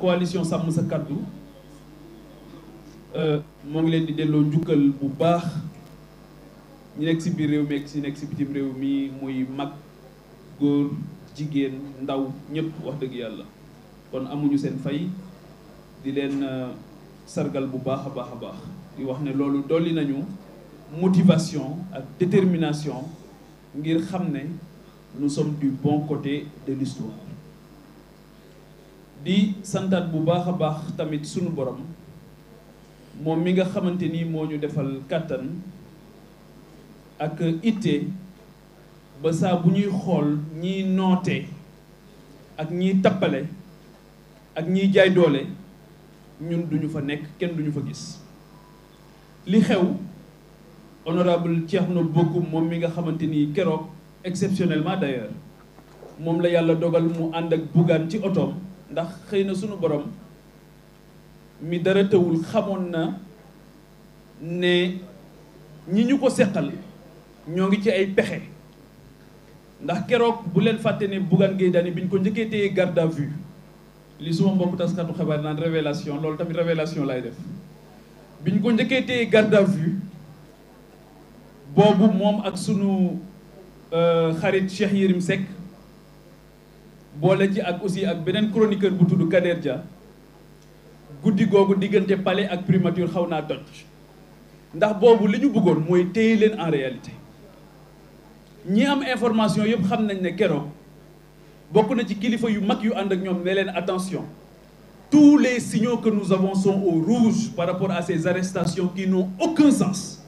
coalition sàmm sa kàddu euh, moo ngi leen di delloo njukkal bu baax ñu nekk si biir réew mi ak nekk si bitim réew mi muy mag góor ndaw wax kon amuñu fay di euh, sargal bu baax a baax a di wax ne loolu nañu motivation ak détermination ngir nous sommes du bon côté de l'histoire di santaat bu baax a baax tamit sunu borom moom mi nga xamante ni moo ñu defal kàttan ak itte ba saa bu ñuy xool ñii noote ak ñii tappale ak ñii jaay doole ñun duñu fa nekk kenn duñu fa gis li xew honorable Thierno Bocoum moom mi nga xamante ni keroog exceptionnellement d'ailleurs moom la yàlla dogal mu ànd ak Bougane ci otoom ndax xëy na sunu borom mi dara xamoon ne ñi ñu ko seqal ci ay ndax bu ne ko njëkkee garde à vue li suma mbokk taskatu xabaar naan révélation loolu tamit révélation lay def garde à vue euh, boole ci ak aussi ak benen chroniqueur bu tuddu Kader Dia guddi googu diggante palais ak primature xawna naa ndax bobu liñu ñu bëggoon mooy téye leen en réalité ñi am information yëpp xam nañ ne keroog bokk na ci kilifa yu mag yu and ak ñom né leen attention tous les signaux que nous avons sont au rouge par rapport à ces arrestations qui n'ont aucun sens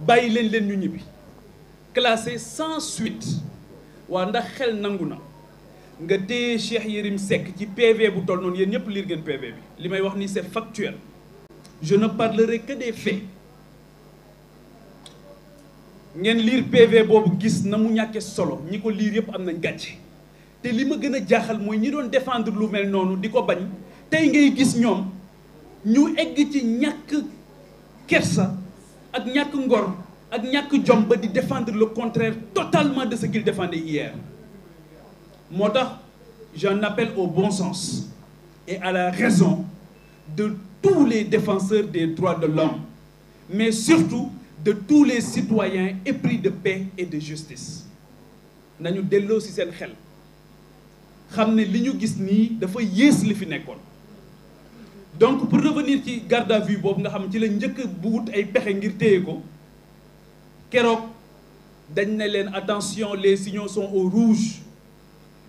bàyyi leen leen ñu ñibi classé sans suite wa ndax xel nanguna Cheikh Yérim PV lire PV bi c'est factuel je ne parlerai que des faits ngeen lire PV bobu gis na mu ñaké solo ñiko lire am nañ ñi doon défendre lu mel bañ gis ñu ci défendre le contraire totalement de ce qu'il défendait hier moi, j'en appelle au bon sens et à la raison de tous les défenseurs des droits de l'homme mais surtout de tous les citoyens épris de paix et de justice nañu delloo ci seen xel xam que li ñu dafa yées li fi nekkoon donc pour revenir ci garde à vue nous nga xam ci la de bu wut ay pexe ngir attention les signaux sont au rouge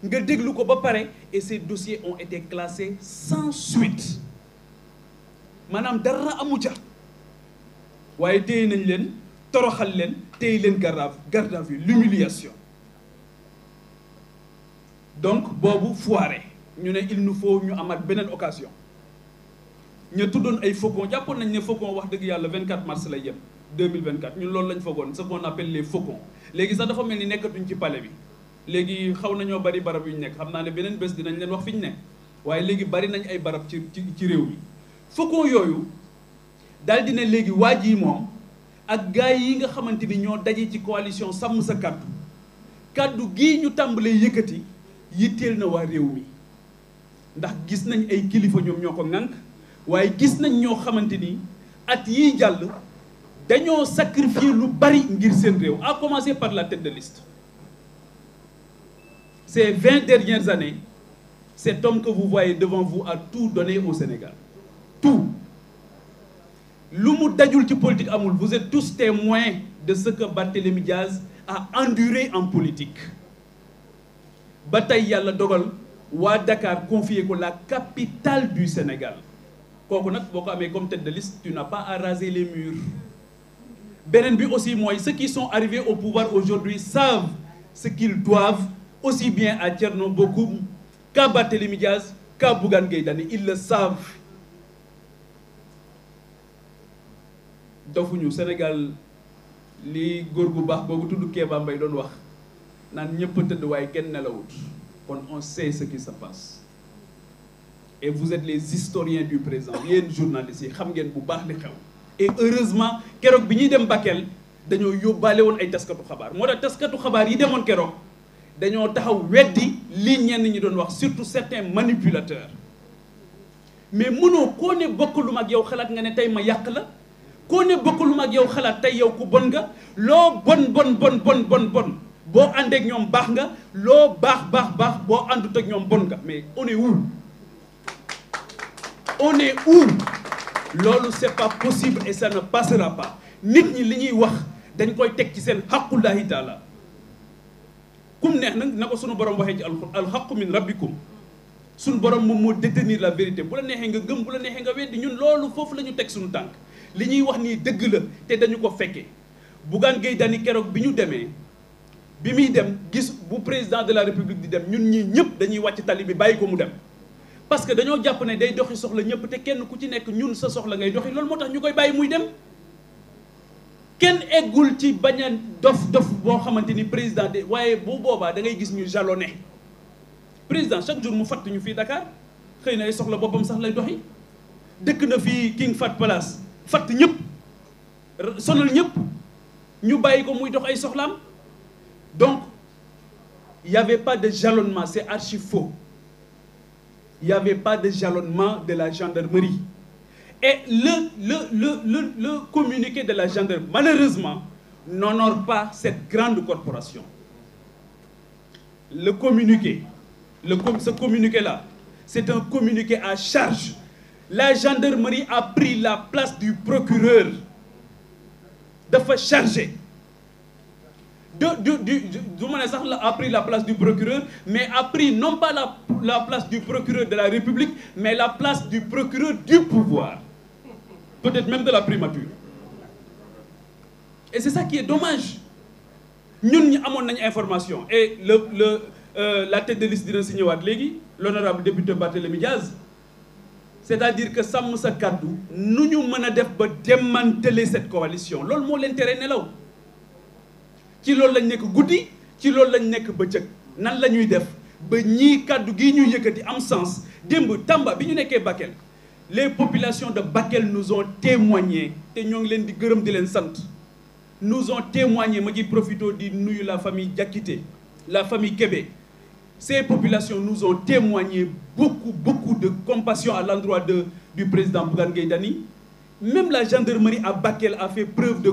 nga déglu ko ba pare et ces dossiers ont été classés sans suite maanaam dara amu ca waaye téye nañ leen toroxal leen téye leen garde garde à vue l'humiliation donc boobu foiré ñu ne il nous faut ñu amaat beneen occasion ñu tuddoon ay faucons jàppoon nañ ne faucon wax dëgg yàlla 24 mars lay yem 2024 ñun loolu lañ foogoon ce qu'on appelle les faucons les sax dafa mel ni nekkatuñ ci palais bi léegi xaw nañoo bari barab yu ñu nekk xam naa ne beneen bés dinañ leen wax fi ñu nekk waaye léegi bari nañ ay barab ci ci ci réew mi faucon yooyu daal di ne léegi waa ji moom ak gars yi nga xamante ni ñoo daje ci coalition sàmm sa kàddu kàddu gi ñu tàmbalee yi yitteel na waa réew mi ndax gis nañ ay kilifa ñoom ñoo ko ŋànk waaye gis nañ ñoo xamante ni at yiy jàll dañoo sacrifier lu bari ngir seen réew à commencer par la tête de liste. Ces 20 dernières années, cet homme que vous voyez devant vous a tout donné au Sénégal. Tout. L'humour d'adulte politique Amoul, vous êtes tous témoins de ce que Barthélémy Diaz a enduré en politique. Bataille Yalla Dogal, wa Dakar confié que la capitale du Sénégal. mais comme tête de liste, tu n'as pas à raser les murs. Benen aussi, moi, ceux qui sont arrivés au pouvoir aujourd'hui savent ce qu'ils doivent aussi bien à Tcherno Bokoum qu'à Barthélémy Diaz, qu'à Bougan Ils le savent. dofuñu Sénégal li góor gu baax boobu tudd Kéba Mbaye doon wax naan ñëpp tëdd waaye kenn nelawut kon on sait ce qui se passe et vous êtes les historiens du présent yéen journalistes yi xam ngeen bu baax li xew et heureusement keroog bi ñuy dem Bakel dañoo yóbbaale woon ay taskatu xabaar moo tax taskatu xabaar yi demoon keroog dañoo taxaw ligne li ñenn ñi doon wax surtout certains manipulateurs mais mënoo koo ne bokkalum ak yow xalaat nga ne tey ma yàq la koo ne bokkalum ak yow xalaat tey yow ku bon nga loo bon bon bon bon bon bon boo àndeek ñoom baax nga loo baax baax baax boo àndut ak bon nga mais on est où on est où lolu c'est pas possible et ça ne passera pas nit ñi li ñuy wax dañ koy tek ci sen xaqullahi taala kum neex nag na ko sunu borom waxee ci al alxaqu min rabbikum sunu borom moom moo détenir la vérité bu la neexee nga gëm bu la neexee nga weddi ñun loolu foofu la ñu teg suñu tànk li ñuy wax nii dëgg la te dañu ko fekkee Bougane Gueye Dany keroog bi ñu demee bi muy dem gis bu président de la république di dem ñun ñii ñëpp dañuy wàcc tali bi bàyyi ko mu dem parce que dañoo jàpp ne day doxi soxla ñëpp te kenn ku ci nekk ñun sa soxla ngay doxi loolu moo tax ñu koy bàyyi muy dem kenn eggul ci bañ dof dof bo xamanteni président de waaye bu boba da ngay gis ñu jalonné président chaque jour mu fat ñu fi Dakar xeyna ay soxla bopam sax lay doxi dëkk na fi King Fat Palace fat ñep sonal ñep ñu bayiko muy dox ay soxlam donc il y avait pas de jalonnement c'est archi faux il y avait pas de jalonnement de la gendarmerie et le, le, communiqué de la gendarmerie, malheureusement, n'honore pas cette grande corporation. Le communiqué, ce communiqué-là, c'est un communiqué à charge. La gendarmerie a pris la place du procureur de du du de a pris la place du procureur mais a pris non pas la la place du procureur de la République mais la place du procureur du pouvoir peut-être même de la primature. Et c'est ça qui est dommage. Nous avons une information. Et le, euh, la tête de liste de l'honorable député Barthélémy Diaz, c'est-à-dire que Sam Moussa Kadou, nous pas démanteler cette coalition. C'est ce l'intérêt est là. Qui l'a fait goudi, qui l'a fait bëccëg. Nan lañuy nous def ba ñi kaddu gi ñu yëkëti am sens. Demb Tamba bi ñu nekké Bakel les populations de Bakel nous ont témoigné nous ont témoigné ma profite profito di la famille Diakité la famille Kébé ces populations nous ont témoigné beaucoup beaucoup de compassion à l'endroit du président Bougan Gaye même la gendarmerie à Bakel a fait preuve de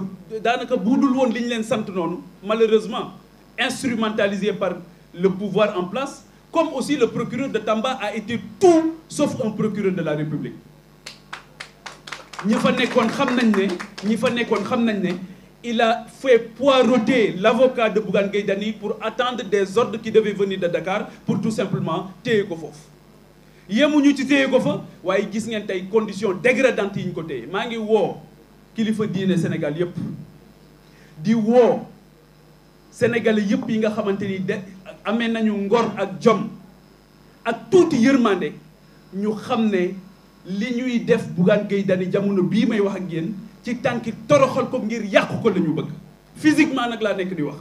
malheureusement instrumentalisé par le pouvoir en place comme aussi le procureur de Tamba a été tout sauf un procureur de la République il a fait poireauter l'avocat de Bougane Gaydani pour attendre des ordres qui devaient venir de Dakar pour tout simplement te ko Il yemuñu ci ko fa que gis ngeen des conditions dégradantes ko ngi a Sénégal yépp di woo sénégalais yépp yi nga li ñuy def Bougane gay Dany jamono bi may wax ak yéen ci tanki toroxal ko ngir yàqu ko la bëgg physiquement nak la nekk di wax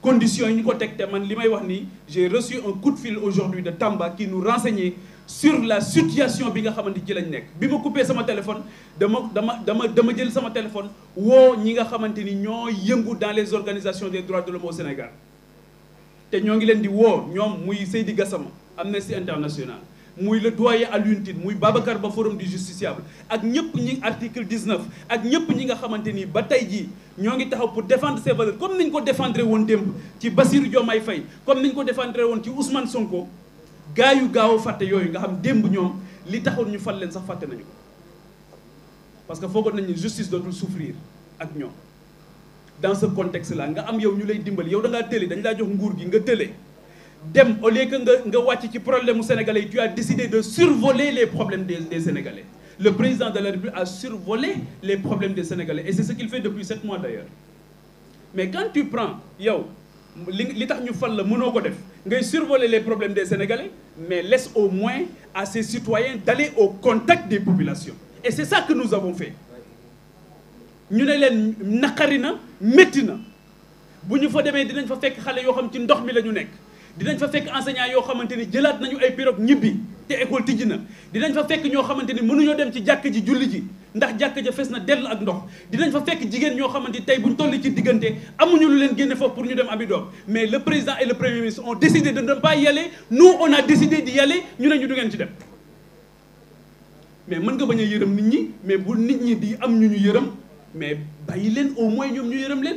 conditions yi ñu ko man limay wax ni j'ai reçu un coup de fil aujourd'hui de Tamba qui nous renseignait sur la situation bi nga xamante ci lañ nekk bima ma coupé sama téléphone dama dama dama dama jël sama téléphone wo ñi nga xamante ni ñoo yëngu dans les organisations des droits de l'homme au Sénégal té ñoo ngi leen di wo ñom muy Seydi Gassama Amnesty International muy le doyen à l'unité Babacar Ba forum du justiciable ak ñepp ñi article 19 ak ñepp ñi nga xamanteni ba tay ji taxaw pour défendre ses valeurs comme niñ ko défendre won demb ci diomay comme niñ ko défendre won ci Ousmane Sonko gaayu gaaw faté yoy nga xam li ñu fal leen que justice souffrir dans ce contexte là nga am yow ñu lay dem au lieu que nga nga ci problème sénégalais tu as décidé de survoler les problèmes des sénégalais le président de la République a survolé les problèmes des sénégalais et c'est ce qu'il fait depuis 7 mois d'ailleurs mais quand tu prends yow li tax ñu fal la def ngay survoler les problèmes des sénégalais mais laisse au moins à ses citoyens d'aller au contact des populations et c'est ça que nous avons fait ñu ne len nakarina metina. na fa démé dinañ fa fekk xalé xam ci dinañ fa fekk enseignant yoo xamante ni jëlaat nañu ay pirogue ñibbi te école tijji na dinañ fa fekk ñoo xamante ni mënuñoo dem ci jàkk ji julli ji ndax jàkk ja fees na dell ak ndox dinañ fa fekk jigéen ñoo xamante ni tey buñ toll ci diggante amuñu lu leen génne foofu pour ñu dem abi doom mais le président et le premier ministre ont décidé de ne pas y aller nous on a décidé d'y aller ñu ne ñu du ngeen ci dem mais mën nga bañ a yërëm nit ñi mais bu nit ñi di am ñu ñu yërëm mais bàyyi leen au moins ñoom ñu yërëm leen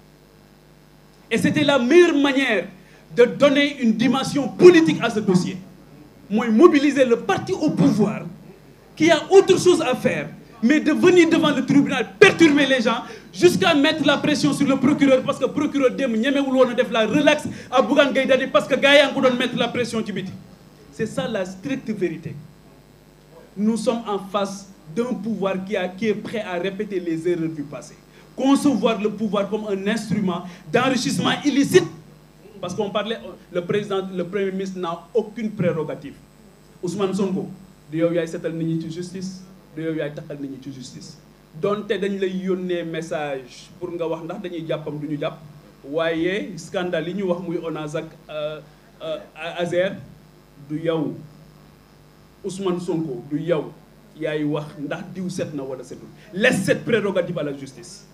Et c'était la meilleure manière de donner une dimension politique à ce dossier. Moi, mobiliser le parti au pouvoir qui a autre chose à faire, mais de venir devant le tribunal perturber les gens jusqu'à mettre la pression sur le procureur parce que le procureur dem def la relax à Bougane parce que Gaïa yang mettre la pression ci biti. C'est ça la stricte vérité. Nous sommes en face d'un pouvoir qui, qui est prêt à répéter les erreurs du passé concevoir le pouvoir comme un instrument d'enrichissement illicite. Parce qu'on parlait, le président, le premier ministre n'a aucune prérogative. Ousmane Sonko, de yow a justice de yow a justice dañ message pour nga wax scandale euh, euh, Ousmane Sonko du yow a wax ndax set laisse cette prérogative à la justice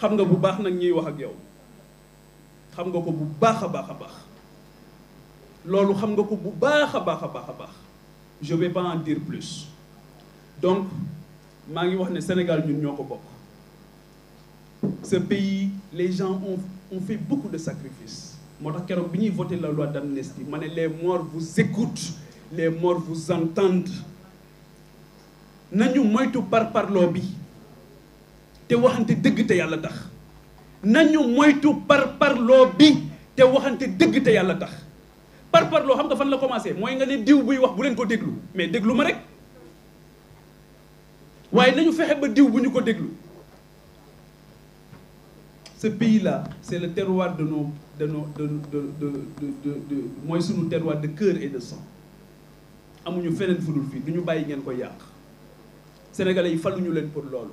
xam nga bu baax nag ñuy wax ak yow xam nga ko bu baax a baax a baax loolu xam nga ko bu baax a baax a baax a baax je vais pas en dire plus donc maa ngi wax ne Sénégal ñun ñoo ko bokk ce pays les gens ont ont fait beaucoup de sacrifices moo tax keroog bi ñuy voté la loi d'amnistie ma ne les morts vous écoutent les morts vous entendent nañu moytu par parparloo bi te waxante dëgg te yàlla tax nañu moytu par parloo bi te waxante dëgg te yàlla tax par parloo xam nga fan la commencé moy nga ne diw buy wax bu len ko déglu mais déglu ma rek waaye nañu fexé ba diw buñu ko déglu ce pays là c'est le terroir de nos de nos de de de de de mooy sunu terroir de cœur et de sang amuñu fenen fudul fi du ñu bàyyi ngeen ko yàq sénégalais yi faluñu leen pour lolu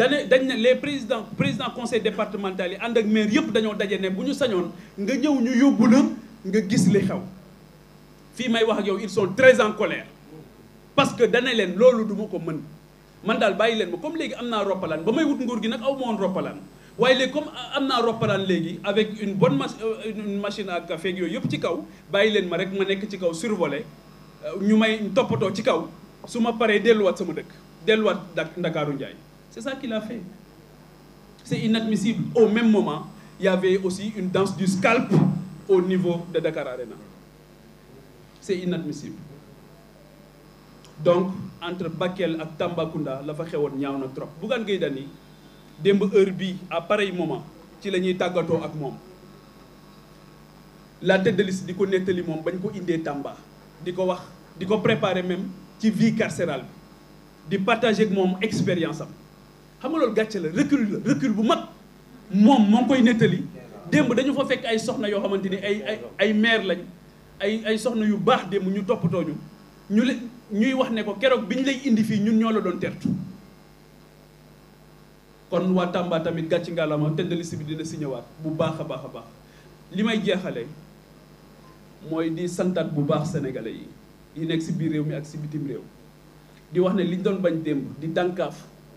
dane dañ ne les président président conseil départemental yi ànd ak maire yëpp dañoo daje ne bu ñu sañoon nga ñëw ñu yóbbu la nga gis li xew fii may wax ak yow ils sol très en colère parce que dane leen loolu du ko mën man daal bàyyi leen ma comme léegi am naa roppalaan ba may wut nguur gi nag aw moom woon roppalaan waaye léegi comme am naa roppalaan léegi avec une bonne euh, une machine ak café yooyu yëpp ci kaw bàyyi leen ma rek ma nekk ci kaw survolé euh, ñu may toppatoo ci kaw su ma paree delluwaat sama dëkk delluwaat Ndakaaru Njaay C'est ça qu'il a fait. C'est inadmissible. Au même moment, il y avait aussi une danse du scalp au niveau de Dakar Arena. C'est inadmissible. Donc, entre Bakel et Tambakunda, la fa est ñaaw trop. Bougan Gueye Dany démb heure bi à pareil moment ci la tagato ak mom La tête de liste diko ko mom moom bañ ko indé Tamba diko wax diko préparer même ci vie carcérale de di partager ak mon expérience xam nga loolu gàcce la recul la recul bu mag moom moo koy nettali démb dañu fa fekk ay soxna yoo xamante ni ay ay ay maire lañ ay ay soxna yu baax démb ñu toppatoo ñu ñu le ñuy wax ne ko keroog bi ñu lay indi fii ñun ñoo la doon tertu kon waa Tamba tamit gàcci ngaalama tëdd liste bi dina si ñëwaat bu baax a baax a baax li may jeexale mooy di santaat bu baax sénégalais yi yi nekk si biir réew mi ak si bitim réew di wax ne liñ doon bañ démb di dànkaaf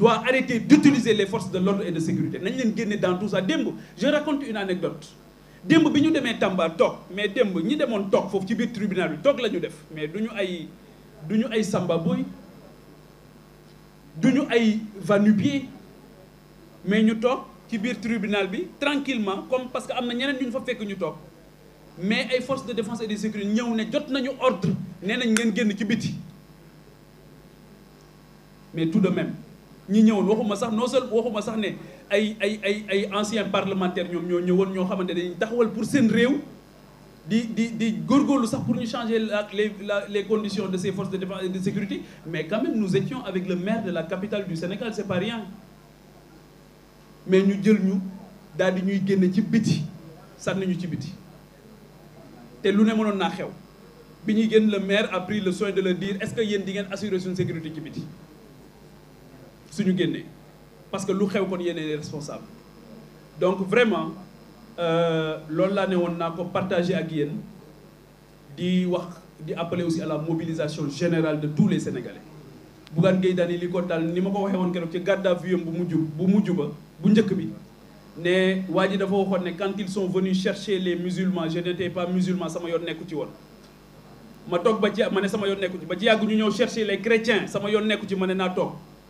doit arrêter d'utiliser les forces de l'ordre et de sécurité nañ leen dans tout ça Dembo, je raconte une anecdote démb bi de Tamba tok, mais démb ñi demoon toog foofu ci biir tribunal bi toog la ñu def mais du ay du ay samba boy du ay va mais ñu tok, ci biir tribunal bi tranquillement comme parce que am na ñeneen ñu ñu fa fekk ñu mais les forces de défense et de sécurité ñëw ne jot nañu ordre nee nañ ngeen génn ci mais tout de même nous sommes waxuma anciens parlementaires qui ont dit ñoo pour pour changer les conditions de ces forces de sécurité mais quand même nous étions avec le maire de la capitale du Sénégal c'est pas rien mais nous jël ñu nous, di ñuy biti nous ñu le maire a pris le soin de le dire est-ce que y a une assurance de sécurité suñu génnee parce que lu xew kon yéen les responsable donc vraiment euh, laa ne woon naa ko partager ak yéen di wax di appeler aussi à la mobilisation générale de tous les sénégalais Bougan Gueye Dany li ko dal ni ma ko waxee woon keroog ci gadda à bu mujj bu mujj ba bu njëkk bi né waji dafa waxoon ne quand ils sont venus chercher les musulmans je n'étais pas musulman sama yoon nekku ci won ma tok ba ci mané sama yoon nekku ci ba ci yàgg ñu ñëw chercher les chrétiens sama yoon nekku ci mané na tok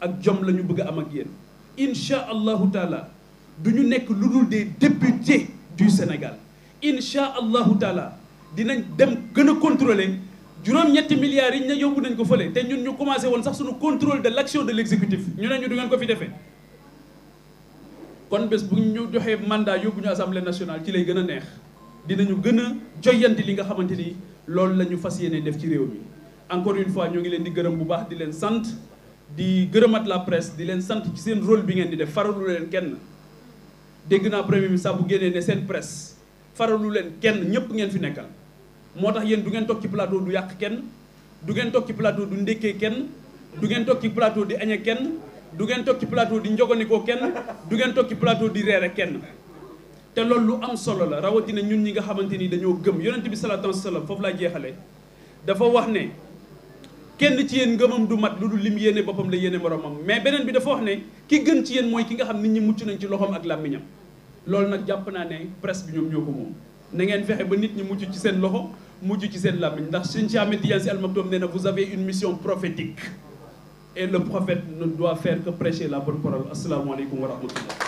ak jom lañu bëgg am ak yeen insha allah taala du ñu nekk lu des députés du Sénégal insha allah taala dinañ dem gëna contrôler juroom ñetti milliards yi ñu ne nañ ko fële té ñun ñu commencé won sax suñu contrôle de l'action de l'exécutif ñu ne ñu du ngeen ko fi défé kon bés bu ñu joxee mandat yóbbu ñu assemblée nationale ci lay gëna neex dinañu gëna a joyanti li nga xamanteni ni loolu la fas yéene def ci réew mi encore une fois ñu ngi leen di gërëm bu baax di leen sante di gërëmat la presse di leen sant ci seen rôle bi ngeen di def faralu leen kenn dégg naa premier ministre bu génnee ne seen presse faralu leen kenn ñëpp ngeen fi nekkal moo tax yéen du ngeen toog ci plateau du yàq kenn du ngeen toog ci plateau du ndékkee kenn du ngeen toog ci plateau di añe kenn du ngeen toog ci plateau di njogonikoo kenn du ngeen toog ci plateau di reere kenn te loolu lu am solo la rawatina ñun ñi nga xamante ni dañoo gëm yonent bi salaatu wa salaam foofu laa jeexale dafa wax ne kenn ci yéen ngëmam du mat lu dul lim yéene boppam la yéene moromam mais beneen bi dafa wax ne ki gën ci yéen mooy ki nga xam nit ñi mucc nañ ci loxom ak làmmiñam loolu nag jàpp naa ne presse bi ñoom ñoo ko moom na ngeen fexe ba nit ñi mucc ci seen loxo mucc ci seen làmmiñ ndax Cheikh Ahmed Tidiane Sy Al Maktoum nee na vous avez une mission prophétique et le prophète ne doit faire que prêcher la bonne parole asalaamaaleykum wa rahmatullah